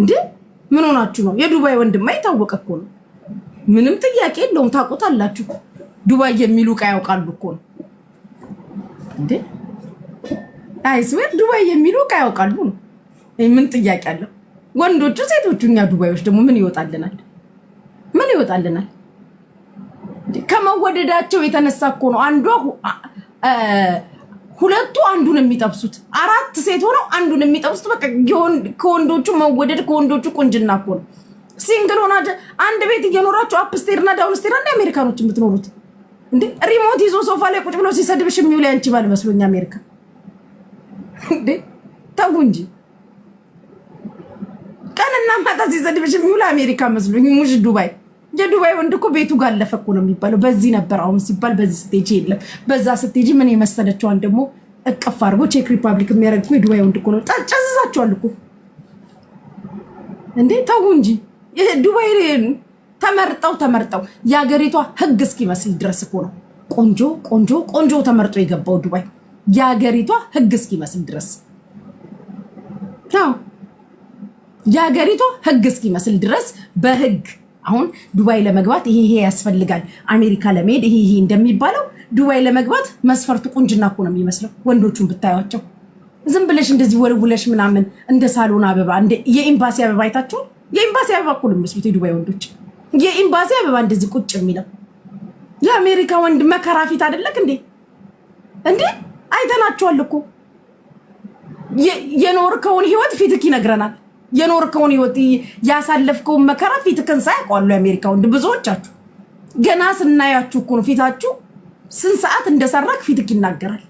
እንዴ ምን ሆናችሁ ነው? የዱባይ ወንድማ የታወቀ እኮ ነው። ምንም ጥያቄ የለውም። ታውቁታላችሁ። ዱባይ የሚሉ ዕቃ ያውቃሉ እኮ ነው እንዴ። አይስዌር ዱባይ የሚሉ ዕቃ ያውቃሉ ነው። ምን ጥያቄ አለው? ወንዶቹ፣ ሴቶቹ። እኛ ዱባዮች ደግሞ ምን ይወጣልናል? ምን ይወጣልናል? ከመወደዳቸው የተነሳ እኮ ነው አንዷ ሁለቱ አንዱን የሚጠብሱት አራት ሴት ሆነው አንዱን የሚጠብሱት በቃ ከወንዶቹ መወደድ ከወንዶቹ ቁንጅና እኮ ነው። ሲንግል ሆና አንድ ቤት እየኖራችሁ አፕስቴር እና ዳውንስቴር አንድ አሜሪካኖች የምትኖሩት እንደ ሪሞት ይዞ ሶፋ ላይ ቁጭ ብሎ ሲሰድብሽ የሚውል ያንቺ ባል መስሎኝ። አሜሪካ እንዴ ተው እንጂ ቀንና ማታ ሲሰድብሽ የሚውል አሜሪካ መስሎኝ ሙሽ ዱባይ የዱባይ ወንድ እኮ ቤቱ ጋር አለፈ እኮ ነው የሚባለው። በዚህ ነበር አሁን ሲባል በዚህ ስቴጅ የለም። በዛ ስቴጅ ምን የመሰለችዋን ደግሞ እቅፍ አድርጎ ቼክ ሪፐብሊክ የሚያደርግ የዱባይ ወንድ እኮ ነው። ጨዝዛችኋል እኮ እንዴ! ተው እንጂ ዱባይ ተመርጠው ተመርጠው የሀገሪቷ ህግ እስኪመስል ድረስ እኮ ነው ቆንጆ ቆንጆ ቆንጆ ተመርጦ የገባው ዱባይ የሀገሪቷ ህግ እስኪመስል ድረስ የሀገሪቷ ህግ እስኪመስል ድረስ በህግ አሁን ዱባይ ለመግባት ይሄ ይሄ ያስፈልጋል፣ አሜሪካ ለመሄድ ይሄ ይሄ እንደሚባለው ዱባይ ለመግባት መስፈርቱ ቁንጅና እኮ ነው የሚመስለው። ወንዶቹን ብታያቸው ዝም ብለሽ እንደዚህ ወልውለሽ ምናምን እንደ ሳሎን አበባ የኤምባሲ አበባ አይታችሁ የኤምባሲ አበባ እኮ ነው የሚመስሉት የዱባይ ወንዶች። የኤምባሲ አበባ እንደዚህ ቁጭ የሚለው የአሜሪካ ወንድ መከራ ፊት አደለክ እንዴ? እንዴ አይተናችኋል እኮ የኖርከውን ህይወት ፊትክ ይነግረናል። የኖርከውን ህይወት ያሳለፍከውን መከራ ፊትክን ሳያውቋሉ የአሜሪካ ወንድ ብዙዎቻችሁ ገና ስናያችሁ እኮ ነው ፊታችሁ ስንት ሰዓት እንደሰራክ ፊትክ ይናገራል።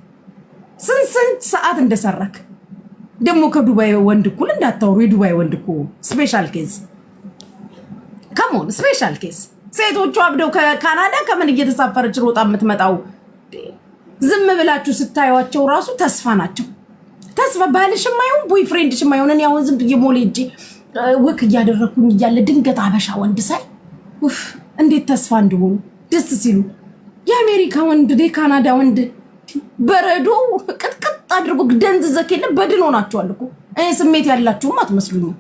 ስንት ስንት ሰዓት እንደሰራክ ደግሞ ከዱባይ ወንድ እኩል እንዳታወሩ። የዱባይ ወንድ እኮ ስፔሻል ኬዝ ከሞን ስፔሻል ኬዝ ሴቶቹ አብደው ከካናዳ ከምን እየተሳፈረች ሮጣ የምትመጣው ዝም ብላችሁ ስታዩቸው ራሱ ተስፋ ናቸው። ተስፋ ባልሽ የማይሆን ቦይፍሬንድሽ የማይሆን እኔ አሁን ዝም ብዬ ሞሌ ወክ እያደረግኩኝ እያለ ድንገት አበሻ ወንድ ሳይ ውፍ እንዴት ተስፋ እንደሆኑ ደስ ሲሉ የአሜሪካ ወንድ የካናዳ ወንድ በረዶ ቅጥቅጥ አድርጎ ደንዝ ዘኬለ በድን ሆናችኋል እኮ እኔ ስሜት ያላችሁም አትመስሉኝም።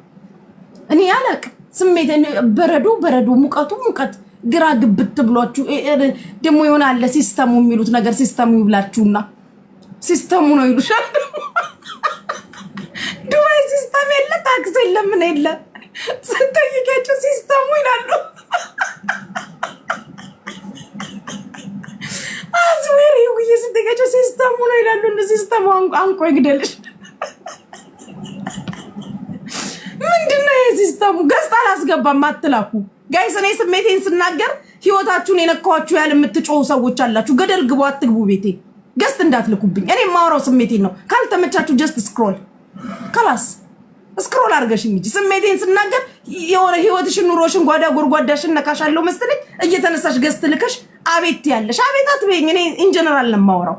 እኔ አላቅም ስሜት በረዶ በረዶ ሙቀቱ ሙቀት ግራ ግብት ብሏችሁ ደግሞ ይሆናል ሲስተሙ የሚሉት ነገር ሲስተሙ ይብላችሁና ሲስተሙ ነው ይሉሻል። ዱባይ ሲስተም የለ ታክስ የለ ምን የለ ስንጠይቃቸው ሲስተሙ ይላሉ። አዝዌር ውዬ ስንጠይቃቸው ሲስተሙ ነው ይላሉ። እንደ ሲስተሙ አንቆ ይግደልሽ። ምንድነው ይሄ ሲስተሙ? ገጽታ አላስገባም አትላኩ ጋይስ። እኔ ስሜቴን ስናገር ህይወታችሁን የነካኋችሁ ያህል የምትጮሁ ሰዎች አላችሁ። ገደል ግቡ፣ አትግቡ ቤቴ ገስት እንዳትልኩብኝ። እኔ የማወራው ስሜቴን ነው። ካልተመቻችሁ ጀስት ስክሮል ከላስ ስክሮል አድርገሽ እንጂ ስሜቴን ስናገር የሆነ ህይወትሽን፣ ኑሮሽን፣ ጓዳ ጎርጓዳሽን ነካሻለሁ መስለኝ እየተነሳሽ ገስት ልከሽ አቤት ያለሽ አቤት አትበይኝ። እኔ ኢንጀነራል ነው የማወራው።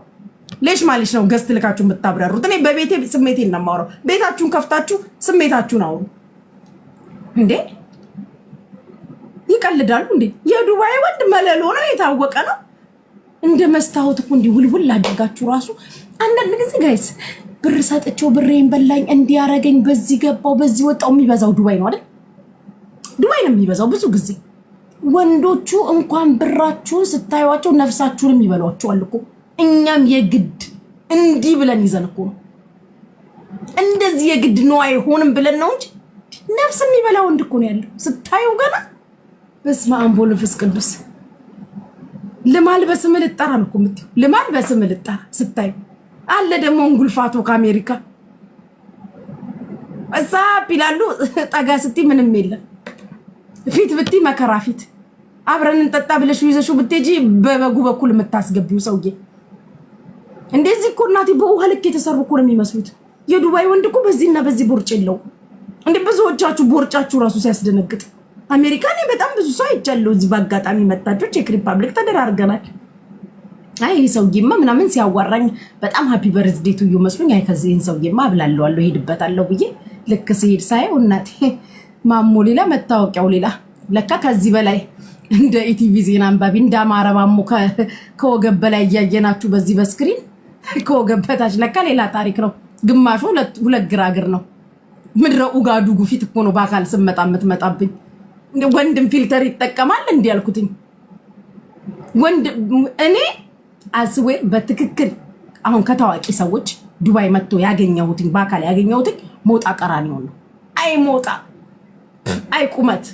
ሌሽ ማለሽ ነው ገስት ልካችሁ የምታብረሩት። እኔ በቤቴ ስሜቴን ነው የማወራው። ቤታችሁን ከፍታችሁ ስሜታችሁን አውሩ እንዴ። ይቀልዳሉ እንዴ! የዱባይ ወንድ መለሎ ነው፣ የታወቀ ነው። እንደ መስታወት እኮ እንዲህ ውልውል አድርጋችሁ ራሱ አንዳንድ ጊዜ ጋይስ ብር ሰጥቼው ብሬን በላኝ እንዲያረገኝ በዚህ ገባው በዚህ ወጣው። የሚበዛው ዱባይ ነው አይደል? ዱባይ ነው የሚበዛው ብዙ ጊዜ ወንዶቹ እንኳን ብራችሁን ስታዩቸው ነፍሳችሁንም የሚበሏቸው እኮ። እኛም የግድ እንዲህ ብለን ይዘን እኮ ነው እንደዚህ የግድ ነው አይሆንም ብለን ነው እንጂ ነፍስ የሚበላ ወንድ እኮ ነው ያለው ስታየው ገና በስመ አብ ወመንፈስ ቅዱስ ልማል በስም ልጠራ ነው እኮ የምትይው። ልማል በስም ልጠራ ስታይ አለ ደግሞ እንጉልፋቶ ከአሜሪካ እሳብ ይላሉ። ጠጋ ስቲ ምንም የለም። ፊት ብቲ መከራ ፊት አብረን እንጠጣ ብለሽ ይዘሽ ብትሄጂ በበጉ በኩል የምታስገቢው ሰውዬ እንደዚህ እኮ እናቴ በውሃ ልክ የተሰሩ እኮ ነው የሚመስሉት። የዱባይ ወንድ እኮ በዚህና በዚህ ቦርጭ የለው። እንደ ብዙዎቻችሁ ቦርጫችሁ ራሱ ሲያስደነግጥ አሜሪካ እኔ በጣም ብዙ ሰው አይቻለሁ። እዚህ በአጋጣሚ መታችሁ ቼክ ሪፐብሊክ ተደራርገናል። አይ ይህ ሰውዬማ ምናምን ሲያዋራኝ በጣም ሀፒ በርዝዴ ቱ ዩ መስሎኝ፣ አይ ከዚህን ሰውዬማ አብላለዋለሁ ሄድበታለሁ ብዬ ልክ ስሄድ ሳየው እናቴ ማሞ ሌላ መታወቂያው ሌላ ለካ ከዚህ በላይ እንደ ኢቲቪ ዜና አንባቢ እንደ አማረ ማሞ ከወገብ በላይ እያየናችሁ በዚህ በስክሪን ከወገብ በታች ለካ ሌላ ታሪክ ነው። ግማሹ ሁለት ግራግር ነው። ምድረ ኡጋዱጉ ፊት እኮ ነው በአካል ስመጣ የምትመጣብኝ። ወንድም ፊልተር ይጠቀማል እንዲህ ያልኩትኝ ወንድም እኔ አስዌ በትክክል አሁን ከታዋቂ ሰዎች ዱባይ መጥቶ ያገኘሁትኝ በአካል ያገኘሁትኝ ሞጣ ቀራኒው ነው። አይ ሞጣ፣ አይ ቁመት፣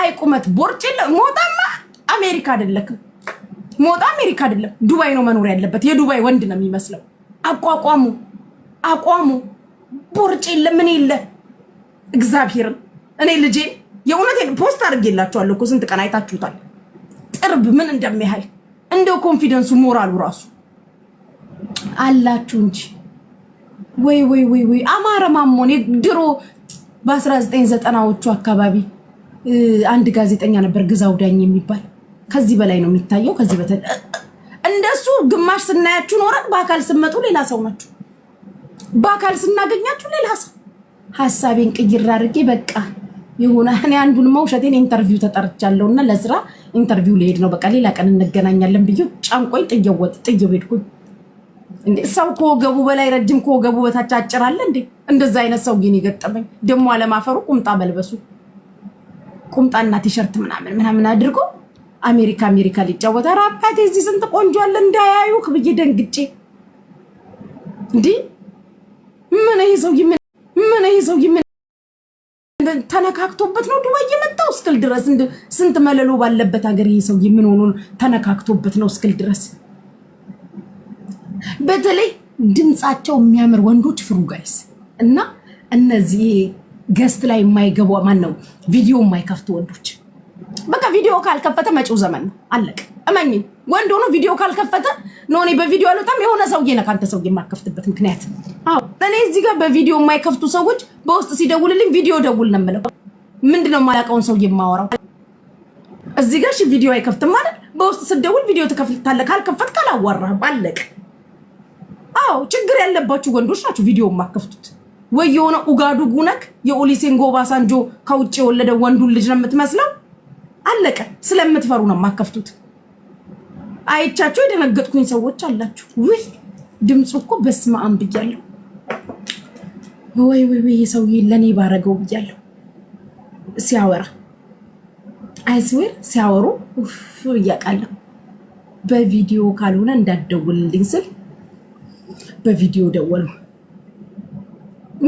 አይ ቁመት ቦርጭ ሞጣማ አሜሪካ አይደለክም። ሞጣ አሜሪካ አይደለም ዱባይ ነው መኖር ያለበት። የዱባይ ወንድ ነው የሚመስለው አቋቋሙ፣ አቋሙ ቦርጭ የለ ምን የለ እግዚአብሔርን እኔ ልጄ የእውነቴን ፖስት አድርጌላችኋለሁ እኮ ስንት ቀን አይታችሁታል። ጥርብ ምን እንደሚያህል እንደው ኮንፊደንሱ ሞራሉ ራሱ አላችሁ እንጂ ወይ ወይ ወይ ወይ አማረ ማሞን ድሮ በ1990ዎቹ አካባቢ አንድ ጋዜጠኛ ነበር ግዛው ዳኝ የሚባል ከዚህ በላይ ነው የሚታየው። ከዚህ በተ እንደሱ ግማሽ ስናያችሁ ኖረን በአካል ስመጡ ሌላ ሰው ናችሁ። በአካል ስናገኛችሁ ሌላ ሰው ሀሳቤን ቅይር አድርጌ በቃ ይሁን እኔ አንዱን መውሸቴን ኢንተርቪው ተጠርቻለሁ እና ለስራ ኢንተርቪው ልሄድ ነው። በቃ ሌላ ቀን እንገናኛለን ብዬ ጫንቆኝ ጥየወጥ ጥየው ሄድኩኝ። እንዴ ሰው ከወገቡ በላይ ረጅም ከወገቡ በታች አጭር አለ እንዴ? እንደዛ አይነት ሰው ግን የገጠመኝ ደግሞ አለማፈሩ ቁምጣ መልበሱ ቁምጣና ቲሸርት ምናምን ምናምን አድርጎ አሜሪካ አሜሪካ ሊጫወት አባቴ እዚህ ስንት ቆንጆ አለ እንዳያዩክ ብዬ ደንግጬ እንዲህ ምን ይሄ ሰውዬ ምን ተነካክቶበት ነው ዱባይ የመጣው እስክል ድረስ ስንት መለሎ ባለበት ሀገር ይሄ ሰው ምን ሆኖ ተነካክቶበት ነው እስክል ድረስ። በተለይ ድምፃቸው የሚያምር ወንዶች ፍሩ ጋይስ እና እነዚህ ገስት ላይ የማይገቡ ማን ነው ቪዲዮ የማይከፍቱ ወንዶች። በቃ ቪዲዮ ካልከፈተ መጪው ዘመን ነው አለቅ እመኝ ወንድ ሆኖ ቪዲዮ ካልከፈተ ነው። እኔ በቪዲዮ አልወጣም። የሆነ ሰውዬ ነው ከአንተ ሰውዬ የማከፍትበት ምክንያት። አዎ እኔ እዚህ ጋር በቪዲዮ የማይከፍቱ ሰዎች በውስጥ ሲደውልልኝ ቪዲዮ ደውል ነው የምለው። ምንድነው ነው የማላውቀውን ሰውዬ የማወራው? እዚህ ጋር ቪዲዮ አይከፍትም ማለት በውስጥ ስደውል ቪዲዮ ትከፍታለህ። ካልከፈት ካላዋራህም አለቅ። አዎ ችግር ያለባችሁ ወንዶች ናቸው ቪዲዮ የማከፍቱት። ወይ የሆነ ኡጋዱ ጉነክ ጎባ ሳንጆ ከውጭ የወለደ ወንዱን ልጅ ነው የምትመስለው። አለቀ። ስለምትፈሩ ነው የማከፍቱት። አይቻቸው የደነገጥኩኝ ሰዎች አላችሁ። ውይ ድምፁ እኮ በስመ አብ ብያለሁ። ወይ ወይ ወይ የሰውዬ ለእኔ ባረገው ብያለሁ። ሲያወራ አይስዌር ሲያወሩ እያቃለሁ። በቪዲዮ ካልሆነ እንዳትደውልልኝ ስል በቪዲዮ ደወሉ።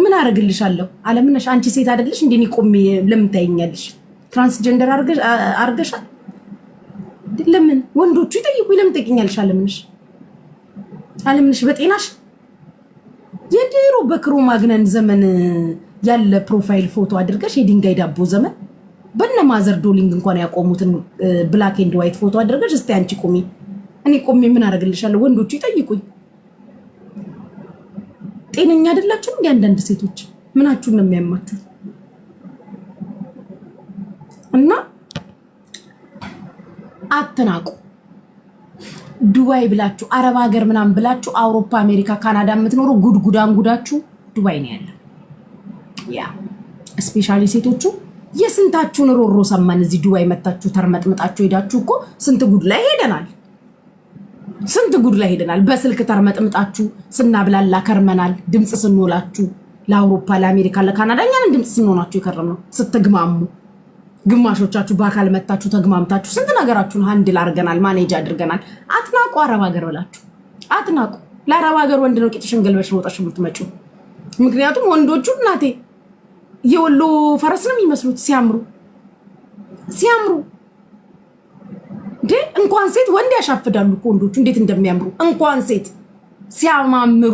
ምን አደርግልሻለሁ? አለምነሽ አንቺ ሴት አይደለሽ እንዴ? እኔ ቆሜ ለምን ታይኛለሽ? ትራንስጀንደር አድርገሻል ለምን ወንዶቹ ይጠይቁ? ለምን ጠይቅኛልሽ? አለምንሽ አለምንሽ በጤናሽ የድሮ በክሮ ማግነን ዘመን ያለ ፕሮፋይል ፎቶ አድርገሽ የድንጋይ ዳቦ ዘመን በነ ማዘር ዶሊንግ እንኳን ያቆሙትን ብላክ ኤንድ ዋይት ፎቶ አድርገሽ እስቲ አንቺ ቁሚ፣ እኔ ቆሜ ምን አደርግልሻለሁ? ወንዶቹ ይጠይቁኝ። ጤነኛ አይደላችሁም እንዲ አንዳንድ ሴቶች ምናችሁን ነው የሚያማችሁ እና አትናቁ። ዱባይ ብላችሁ አረብ ሀገር ምናምን ብላችሁ አውሮፓ፣ አሜሪካ፣ ካናዳ የምትኖሩ ጉድጉዳን ጉዳችሁ ዱባይ ነው ያለ። ያ ስፔሻሊ ሴቶቹ የስንታችሁን ሮሮ ሰማን። እዚህ ዱባይ መታችሁ ተርመጥምጣችሁ ሄዳችሁ እኮ ስንት ጉድ ላይ ሄደናል። ስንት ጉድ ላይ ሄደናል። በስልክ ተርመጥምጣችሁ ስናብላላ ከርመናል። ድምፅ ስንሆላችሁ ለአውሮፓ፣ ለአሜሪካ፣ ለካናዳ እኛን ድምፅ ስንሆናችሁ ነው ስትግማሙ ግማሾቻችሁ በአካል መታችሁ ተግማምታችሁ ስንት ነገራችሁን ሀንድል አድርገናል፣ ማኔጅ አድርገናል። አትናቁ፣ አረብ ሀገር ብላችሁ አትናቁ። ለአረብ ሀገር ወንድ ነው ቂጥሽን ገልበሽ ወጣሽ የምትመጪው። ምክንያቱም ወንዶቹ እናቴ የወሎ ፈረስ ነው የሚመስሉት ሲያምሩ ሲያምሩ እንኳን ሴት ወንድ ያሻፍዳሉ ወንዶቹ እንዴት እንደሚያምሩ እንኳን ሴት ሲያማምሩ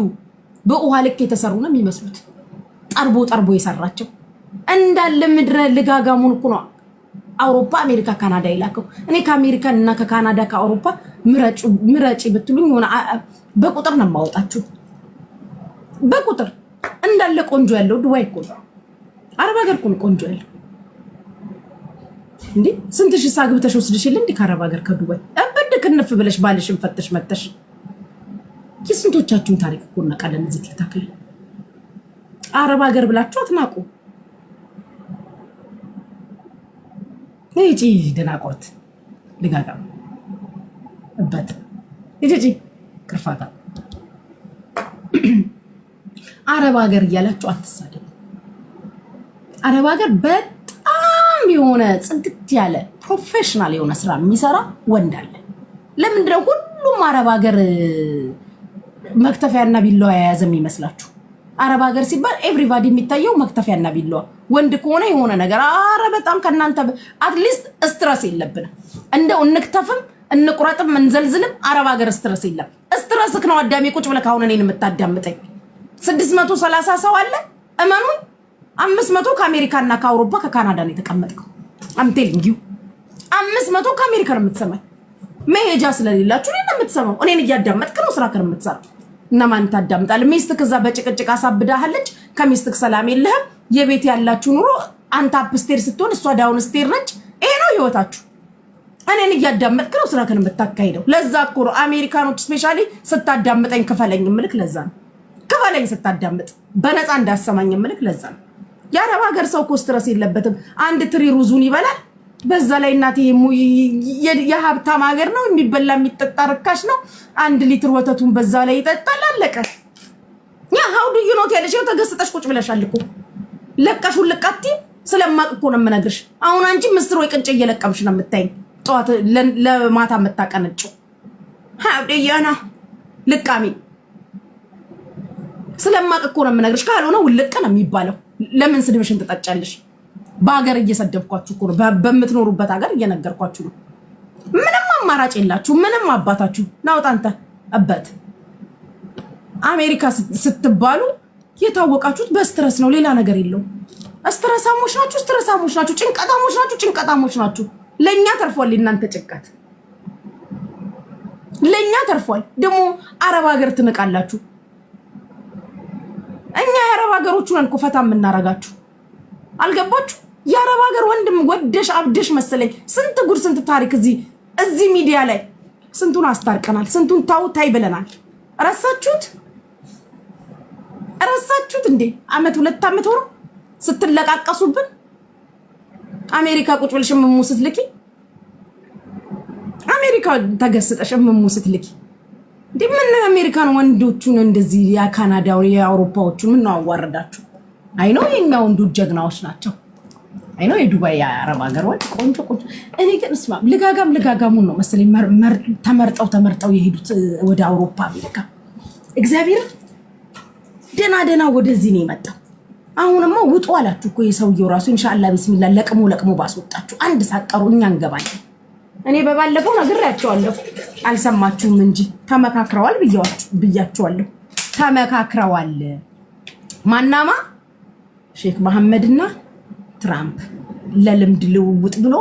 በውሃ ልክ የተሰሩ ነው የሚመስሉት። ጠርቦ ጠርቦ የሰራቸው እንዳለ ምድረ ልጋጋሙን እኮ ነው። አውሮፓ፣ አሜሪካ፣ ካናዳ ይላከው። እኔ ከአሜሪካን እና ከካናዳ ከአውሮፓ ምረጭ ብትሉኝ ሆነ በቁጥር ነው የማወጣችሁ። በቁጥር እንዳለ ቆንጆ ያለው ዱባይ እኮ አረብ ሀገር እኮ ቆንጆ ያለው። እንዴ ስንት ሺህ አግብተሽ ወስድሽል? እንዲ ከአረብ ሀገር ከዱባይ እብድ ክንፍ ብለሽ ባልሽን ፈተሽ መተሽ የስንቶቻችሁን ታሪክ እኮ እናውቃለን። እዚህ ቲክታክ ላይ አረብ ሀገር ብላችሁ አትናቁ። ሂጂ ደናቁርት ልጋጋ እበት ሂጂ ክርፋታ አረብ ሀገር እያላችሁ አትሳደቡ። አረብ ሀገር በጣም የሆነ ጽግት ያለ ፕሮፌሽናል የሆነ ስራ የሚሰራ ወንድ አለ። ለምንድነው ሁሉም አረብ ሀገር መክተፊያና ቢላዋ የያዘ የሚመስላችሁ? አረብ ሀገር ሲባል ኤቭሪባዲ የሚታየው መክተፊያና ቢላዋ ወንድ ከሆነ የሆነ ነገር አረ በጣም ከእናንተ አትሊስት ስትረስ የለብንም። እንደው እንክተፍም እንቁረጥም እንዘልዝልም አረብ ሀገር ስትረስ የለም። ስትረስክ ነው አዳሜ ቁጭ ብለህ አሁን እኔን የምታዳምጠኝ። ስድስት መቶ ሰላሳ ሰው አለ እመኑኝ። አምስት መቶ ከአሜሪካና ከአውሮፓ ከካናዳ ነው የተቀመጥከው። አምቴልንጊ አምስት መቶ ከአሜሪካ ነው የምትሰማኝ። መሄጃ ስለሌላችሁ እኔን የምትሰማው እኔን እያዳመጥክ ነው ስራ የምትሰራው እና ማን ታዳምጣል? ሚስትክ እዛ በጭቅጭቅ አሳብዳሃለች። ከሚስትክ ሰላም የለህም። የቤት ያላችሁ ኑሮ አንተ አፕስቴር ስትሆን እሷ ዳውን ስቴር ነች። ይሄ ነው ህይወታችሁ። እኔን እያዳመጥክ ነው ስራ ስራክን የምታካሂደው። ለዛ እኮ ነው አሜሪካኖች ስፔሻሊ ስታዳምጠኝ ክፈለኝ ምልክ። ለዛ ነው ክፈለኝ ስታዳምጥ በነፃ እንዳሰማኝ ምልክ። ለዛ ነው የአረብ ሀገር ሰው እኮ ስትረስ የለበትም። አንድ ትሪ ሩዙን ይበላል። በዛ ላይ እናቴ የሀብታም ሀገር ነው የሚበላ የሚጠጣ ርካሽ ነው። አንድ ሊትር ወተቱን በዛ ላይ ይጠጣል። አለቀ። ያ ሀውዱ ዩኖት ያለሽ ተገስጠሽ ቁጭ ብለሻል እኮ ለቀሹ ልቃቲ ስለማቅ እኮ ነው የምነግርሽ። አሁን አንቺ ምስር ወይ ቅንጭ እየለቀምሽ ነው የምታይኝ፣ ጠዋት ለማታ የምታቀነጭው ሀብደያና ልቃሚ ስለማቅ እኮ ነው የምነግርሽ። ካልሆነ ውልቅ ነው የሚባለው። ለምን ስድብሽን ትጠጫለሽ? በሀገር እየሰደብኳችሁ እኮ ነው፣ በምትኖሩበት ሀገር እየነገርኳችሁ ነው። ምንም አማራጭ የላችሁ። ምንም አባታችሁ ናውጣንተ እበት አሜሪካ ስትባሉ የታወቃችሁት በስትረስ ነው፣ ሌላ ነገር የለውም። ስትረሳሞች ናችሁ፣ ስትረሳሞች ናችሁ፣ ጭንቀታሞች ናችሁ፣ ጭንቀታሞች ናችሁ። ለእኛ ተርፏል የእናንተ ጭንቀት ለእኛ ተርፏል። ደግሞ አረብ ሀገር ትንቃላችሁ። እኛ የአረብ ሀገሮቹ ነን እኮ ፈታ የምናረጋችሁ አልገባችሁ? የአረብ ሀገር ወንድም ወደሽ አብደሽ መሰለኝ። ስንት ጉድ ስንት ታሪክ እዚህ እዚህ ሚዲያ ላይ ስንቱን አስታርቀናል፣ ስንቱን ታውታይ ብለናል። ረሳችሁት? እረሳችሁት እንዴ? አመት ሁለት አመት ሆኖ ስትለቃቀሱብን አሜሪካ ቁጭ ብለሽ እምሙ ስትልኪ አሜሪካ ተገስጠሽ እምሙ ስትልኪ እንዴ ምን አሜሪካን ወንዶቹን እንደዚህ የካናዳ የአውሮፓዎቹን ምን ነው አዋረዳችሁ? አይ ነው የኛ ወንዶች ጀግናዎች ናቸው። አይ ነው የዱባይ የአረብ ሀገር ወንድ ቆንጆ ቆንጆ። እኔ ግን እስማ ልጋጋም ልጋጋሙን ነው መሰለኝ ተመርጠው ተመርጠው የሄዱት ወደ አውሮፓ ቢልካ እግዚአብሔር ደና ደና ወደዚህ ነው የመጣው። አሁንማ ውጡ አላችሁ እኮ የሰውየው ራሱ ኢንሻአላ ቢስሚላ ለቅሞ ለቅሞ ባስወጣችሁ። አንድ ሳቀሩ እኛ እንገባለን። እኔ በባለፈው ነግሬያቸዋለሁ፣ አልሰማችሁም እንጂ ተመካክረዋል ብያቸዋለሁ። ተመካክረዋል ማናማ ሼክ መሐመድና ትራምፕ ለልምድ ልውውጥ ብሎ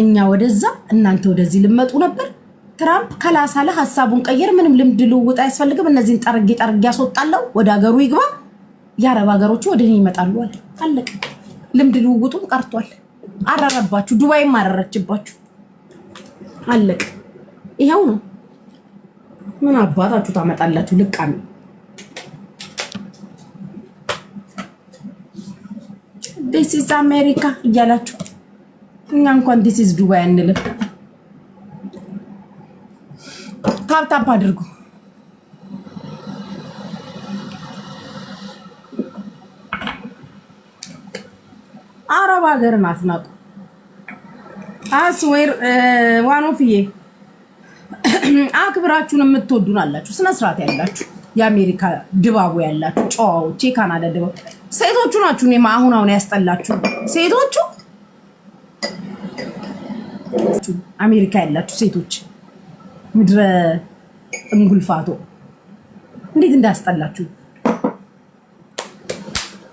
እኛ ወደዛ እናንተ ወደዚህ ልመጡ ነበር። ትራምፕ ከላሳለ ሀሳቡን ቀይር፣ ምንም ልምድ ልውውጥ አያስፈልግም፣ እነዚህን ጠርጌ ጠርጌ ያስወጣለው ወደ ሀገሩ ይግባ፣ የአረብ ሀገሮቹ ወደ እኔ ይመጣሉ አለ። አለቀ። ልምድ ልውውጡም ቀርቷል። አረረባችሁ፣ ዱባይም አረረችባችሁ። አለቀ። ይኸው ነው። ምን አባታችሁ ታመጣላችሁ? ልቃሚ ዲስ ኢዝ አሜሪካ እያላችሁ እኛ እንኳን ዲስ ኢዝ ዱባይ አንልም። ታፕታፕ አድርጉ። አረብ ሀገርን አትናቁ። አስዌር ዋኖፍዬ አክብራችሁን የምትወዱን አላችሁ፣ ስነ ስርዓት ያላችሁ የአሜሪካ ድባቡ ያላችሁ ጨዋዎች፣ የካናዳ ድባቡ ሴቶቹ ናችሁ። እኔ አሁን አሁን ያስጠላችሁ ሴቶቹ አሜሪካ ያላችሁ ሴቶች ምድረ እንጉልፋቶ እንዴት እንዳስጠላችሁ።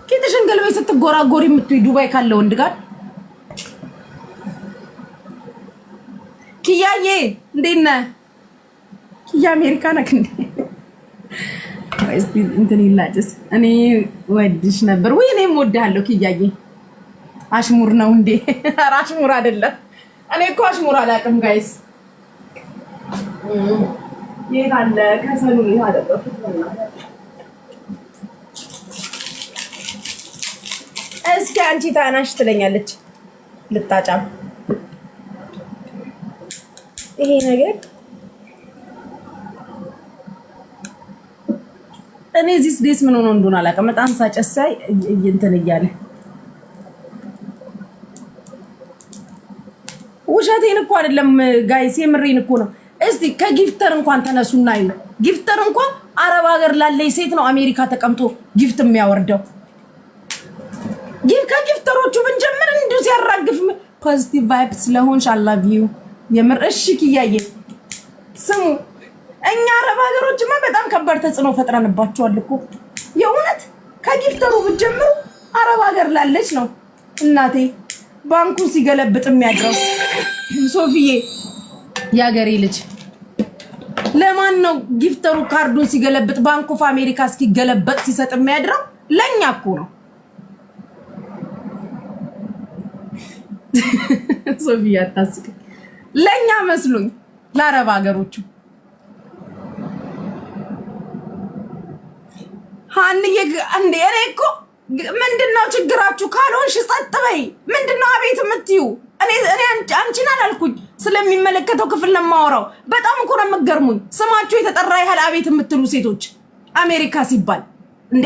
ጌጥሽን ገልበይ ስትጎራጎሪ የምትይ ዱባይ ካለ ወንድ ጋር ኪያዬ እንዴት ነህ? ኪያ አሜሪካ ነክ እንዴ? እንትን ይላጭስ እኔ ወድሽ ነበር ወይ? እኔም ወድሃለሁ ኪያዬ። አሽሙር ነው እንዴ? አሽሙር አይደለም። እኔ እኮ አሽሙር አላውቅም ጋይስ የት ከሰሉ? ይህ አለበት እስኪ አንቺ ታናሽ ትለኛለች ልታጫም ይሄ ነገር እኔ እዚህ ስዴስ ምን ሆኖ እንደሆነ አላውቅም። በጣም ሳጨሳይ እንትን እያለ ውሸቴን እኮ አይደለም ጋይስ፣ የምሬን እኮ ነው። እስቲ ከጊፍተር እንኳን ተነሱና ይሉ። ጊፍተር እንኳን አረብ ሀገር ላለ ሴት ነው አሜሪካ ተቀምጦ ጊፍት የሚያወርደው። ከጊፍተሮቹ ብንጀምር እንዲሁ ሲያራግፍ ፖዚቲቭ ቫይብ ስለሆንሽ አላቭ ዩ የምር እሽክ እያየ ስሙ፣ እኛ አረብ ሀገሮችማ በጣም ከባድ ተጽዕኖ ፈጥረንባቸዋል እኮ የእውነት ከጊፍተሩ ብንጀምሩ አረብ ሀገር ላለች ነው እናቴ ባንኩን ሲገለብጥ የሚያድረው ሶፊዬ ያገሬ ልጅ ለማን ነው ጊፍተሩ ካርዱን ሲገለብጥ ባንክ ኦፍ አሜሪካ እስኪገለበጥ ሲሰጥ የሚያድረው? ለእኛ እኮ ነው። ሶፊያ አታስቅ። ለእኛ መስሎኝ ለአረብ ሀገሮቹ አንዬ እንዴ እኔ እኮ ምንድነው ችግራችሁ? ካልሆንሽ ጸጥ በይ። ምንድነው አቤት የምትዩ እኔ እኔ አንቺን አላልኩኝ ስለሚመለከተው ክፍል ነው የማወራው። በጣም እኮ ነው የምትገርሙኝ። ስማችሁ የተጠራ ያህል አቤት የምትሉ ሴቶች አሜሪካ ሲባል እንዴ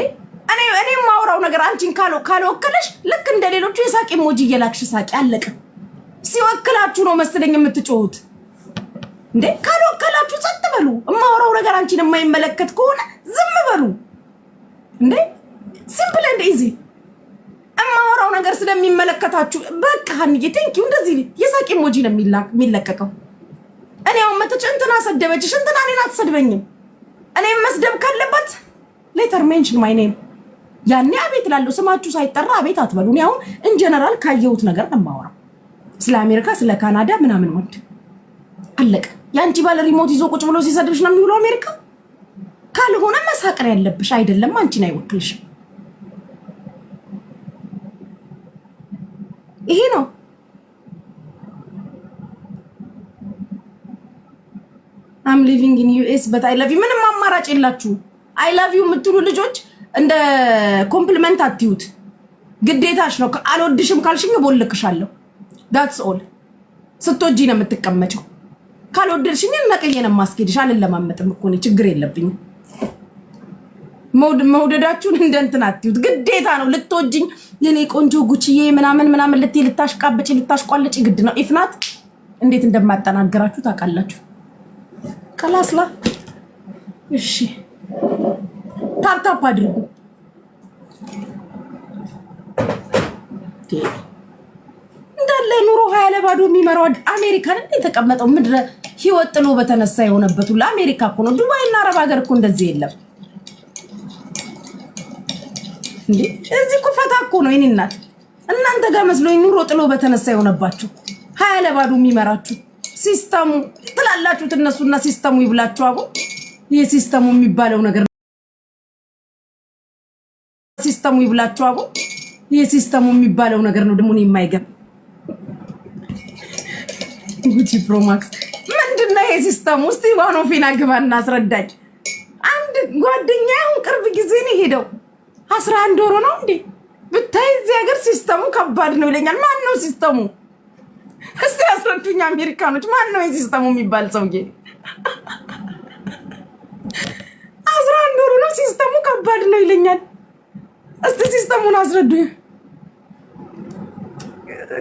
እኔ እኔ የማወራው ነገር አንቺን ካልወከለሽ ልክ እንደ ሌሎቹ የሳቂ ሞጂ እየላክሽ ሳቂ አለቀ። ሲወክላችሁ ነው መስለኝ የምትጮሁት እንዴ። ካልወከላችሁ ጸጥ በሉ። የማወራው ነገር አንቺን የማይመለከት ከሆነ ዝም በሉ እንዴ። ስለሚመለከታችሁ በቃ ሀኒዬ ቴንኪው። እንደዚህ የሳቂ ሞጂ ነው የሚለቀቀው። እኔ አሁን መተች እንትና ሰደበችሽ እንትና እኔን አትሰድበኝም። እኔም መስደብ ካለበት ሌተር ሜንሽን ማይ ኔም ያኔ አቤት ላለው ስማችሁ ሳይጠራ አቤት አትበሉ። እኔ አሁን ኢንጀነራል ካየሁት ነገር የማወራው ስለ አሜሪካ ስለ ካናዳ ምናምን ወድ አለቀ። የአንቺ ባለ ሪሞት ይዞ ቁጭ ብሎ ሲሰድብሽ ነው የሚውለው አሜሪካ። ካልሆነ መሳቅር ያለብሽ አይደለም፣ አንቺን አይወክልሽም። ይሄ ነው። አም ሊቪንግ ኢን ዩኤስ በት አይ ላቭ ዩ። ምንም አማራጭ የላችሁ። አይ ላቭ ዩ የምትሉ ልጆች እንደ ኮምፕሊመንት አትዩት፣ ግዴታሽ ነው። አልወድሽም ካልሽኝ ቦልክሻለሁ። ዳትስ ኦል። ስትወጂ ነው የምትቀመጨው። ካልወደድሽኝ ነቅዬ ነው የማስኬድሽ። አልለማመጥም እኮ እኔ ችግር የለብኝም። መውደዳችሁን እንደ እንትን አትዩት። ግዴታ ነው ልትወጅኝ የኔ ቆንጆ ጉችዬ ምናምን ምናምን ልትይ ልታሽቃብጪ ልታሽቋለጭ ግድ ነው። ኢፍናት እንዴት እንደማጠናገራችሁ ታውቃላችሁ። ከላስላ እሺ፣ ታፕታፕ አድርጉ። እንዳለ ኑሮ ሀያ ለባዶ የሚመራው አሜሪካን እንደ የተቀመጠው ምድረ ህይወት ጥሎ በተነሳ የሆነበት ሁሉ አሜሪካ እኮ ነው። ዱባይና አረብ ሀገር እኮ እንደዚህ የለም። እዚህ እኮ ፈታ እኮ ነው የኔ እናት። እናንተ ጋር መስሎኝ ኑሮ ጥሎ በተነሳ የሆነባችሁ ሀያ ለባዶ የሚመራችሁ ሲስተሙ ትላላችሁ ትነሱና ሲስተሙ ይብላችሁ። አቦ ይህ ሲስተሙ የሚባለው ነገር ሲስተሙ ይብላችሁ። አቦ ይህ ሲስተሙ የሚባለው ነገር ነው ደግሞ የማይገባ ጉቺ ፕሮማክስ ምንድን ነው ይሄ ሲስተሙ? እስቲ ዋኖ ፌና ግባና አስረዳኝ። አንድ ጓደኛ አሁን ቅርብ ጊዜ ነው ሄደው አስራ አንድ ወሮ ነው እንዴ? ብታይ እዚህ ሀገር ሲስተሙ ከባድ ነው ይለኛል። ማን ነው ሲስተሙ? እስቲ አስረዱኝ አሜሪካኖች፣ ማን ነው የሲስተሙ የሚባል ሰውዬ? አስራ አንድ ወሮ ነው ሲስተሙ ከባድ ነው ይለኛል። እስቲ ሲስተሙን አስረዱኝ።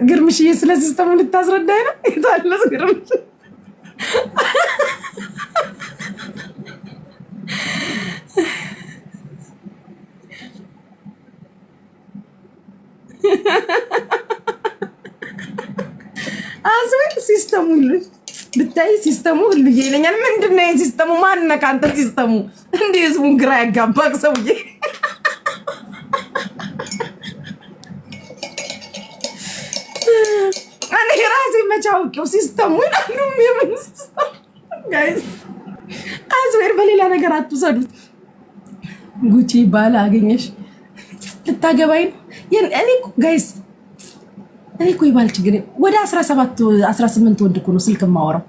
ግርምሽዬ ስለ ሲስተሙ ልታስረዳኝ ነው? የታለስ ግርምሽ ሲስተሙ ብታይ ሲስተሙ ሁሉ ይለኛል። ምንድን ነው ሲስተሙ? ማነው ከአንተ ሲስተሙ? እንደ ህዝቡን ግራ ያጋባቅ ሰውዬ እኔ ራሴ መቼ አውቄው ሲስተሙ ይላሉ። የምን ሲስተም አስቤር በሌላ ነገር አትውሰዱት። ጉቺ ባል አገኘሽ ልታገባይ ነው። እኔ ጋይስ እኔ እኮ የባል ችግር ወደ 17 18 ወንድ እኮ ነው ስልክ የማወራው።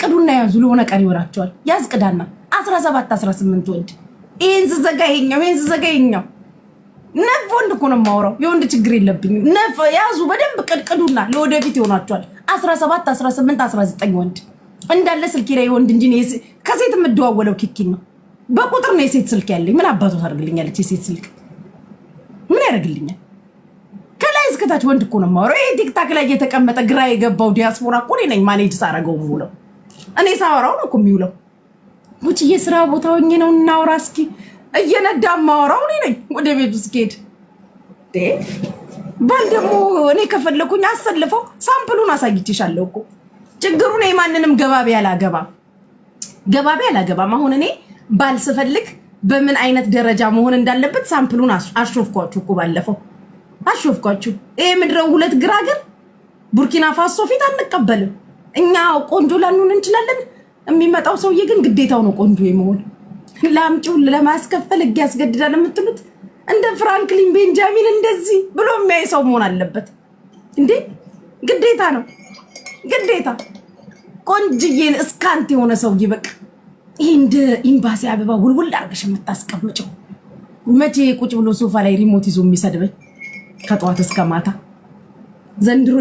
ቅዱና ያዙ ለሆነ ቀን ይሆናቸዋል። ያዝ ቅዳና 17 18 ወንድ ይህን ስዘጋ ይሄኛው ይህን ስዘጋ ይሄኛው ነፍ ወንድ እኮ ነው የማወራው። የወንድ ችግር የለብኝም። ነፍ ያዙ በደንብ ቅድቅዱና ለወደፊት ይሆናቸዋል። 17 18 19 ወንድ እንዳለ ስልኬ ላይ ወንድ እንጂ ከሴት የምደዋወለው ኪኪን ነው። በቁጥር ነው የሴት ስልክ ያለኝ። ምን አባቱ ታደርግልኛለች? የሴት ስልክ ምን ያደርግልኛል? እስከታች ወንድ እኮ ነው የማወራው። ይሄ ቲክታክ ላይ እየተቀመጠ ግራ የገባው ዲያስፖራ እኮ እኔ ነኝ ማኔጅ ሳረገው የምውለው። እኔ ሳወራው ነው እኮ የሚውለው። ውጭ የስራ ቦታ ሆኜ ነው እናውራ እስኪ። እየነዳ ማወራው እኔ ነኝ ወደ ቤቱ እስኪሄድ። ባል ደግሞ እኔ ከፈለኩኝ አሰልፈው ሳምፕሉን አሳይቼሻለሁ እኮ። ችግሩ ነው። ማንንም ገባቢ አላገባ ገባቢ አላገባም። አሁን እኔ ባል ስፈልግ በምን አይነት ደረጃ መሆን እንዳለበት ሳምፕሉን አሽሮፍኳችሁ እኮ ባለፈው አሾፍኳችሁ። ይሄ ምድረው ሁለት ግራግር ቡርኪና ፋሶ ፊት አንቀበልም። እኛ ቆንጆ ላንሆን እንችላለን። የሚመጣው ሰውዬ ግን ግዴታው ነው ቆንጆ የመሆን ለአምጪው ለማስከፈል ህግ ያስገድዳል የምትሉት እንደ ፍራንክሊን ቤንጃሚን እንደዚህ ብሎ የሚያይ ሰው መሆን አለበት እንዴ! ግዴታ ነው ግዴታ። ቆንጅዬን እስካንት የሆነ ሰውዬ በቃ ይሄ እንደ ኢምባሲ አበባ ውልውል አድርገሽ የምታስቀምጨው መቼ ቁጭ ብሎ ሶፋ ላይ ሪሞት ይዞ የሚሰድበኝ ከጠዋት እስከ ማታ ዘንድሮ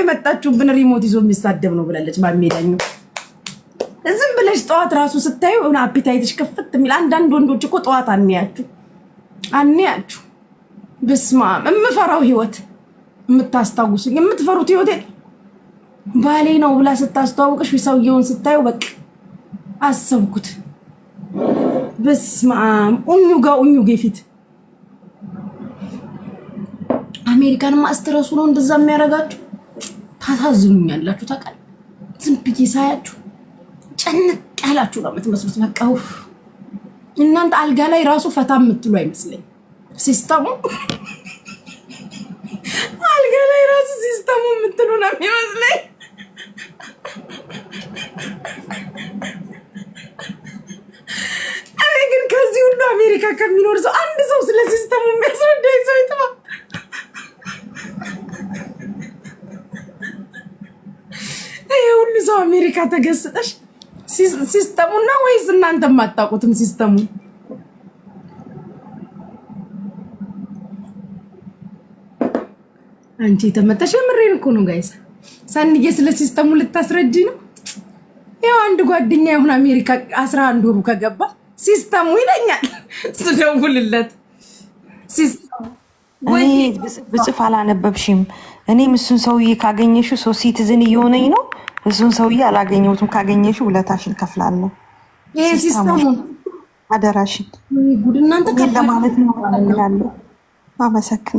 የመጣችሁብን ሪሞት ይዞ የሚሳደብ ነው ብላለች። ማሜዳኝ ዝም ብለሽ ጠዋት ራሱ ስታዩ ሆነ አፒታይትሽ ክፍት የሚል አንዳንድ ወንዶች እኮ ጠዋት አንያችሁ አንያችሁ። ብስማ የምፈራው ህይወት የምታስታውሱ የምትፈሩት ህይወት ባሌ ነው ብላ ስታስተዋውቅሽ ሰውየውን ስታዩ በቃ አሰብኩት። ብስማም ኡኙጋ ኡኙጌ ፊት አሜሪካን ማስተረሱ ነው እንደዛ የሚያደርጋችሁ። ታሳዝኑኛላችሁ። ታውቃል ዝም ብዬ ሳያችሁ ጨንቅ ያላችሁ ነው የምትመስሉት። በቃ እናንተ አልጋ ላይ ራሱ ፈታ የምትሉ አይመስለኝ ሲስተሙ አልጋ ላይ ራሱ ሲስተሙ የምትሉ ነው የሚመስለኝ። እኔ ግን ከዚህ ሁሉ አሜሪካ ከሚኖር ሰው አንድ ሰው ስለ ሲስተሙ የሚያስረዳኝ ሰው ይጥፋ። እዛው አሜሪካ ተገስጠሽ ሲስተሙ ነው ወይስ እናንተ የማታውቁትም ሲስተሙ? አንቺ የተመታሽ የምሬን እኮ ነው ጋይስ። ሳንዬ ስለ ሲስተሙ ልታስረጂ ነው። ያው አንድ ጓደኛ የሆነ አሜሪካ አስራ አንድ ወሩ ከገባ ሲስተሙ ይለኛል ስደውልለት ብጽፍ አላነበብሽም። እኔም እሱን ሰውዬ ካገኘሽው ሰው ሲቲዝን እየሆነኝ ነው እሱን ሰውዬ አላገኘሁትም። ካገኘሽ ውለታሽን ከፍላለሁ። ይሄ ሲስተሙ አደራሽን ጉድ እናንተ ከለማለት ነው። አመሰግናለሁ።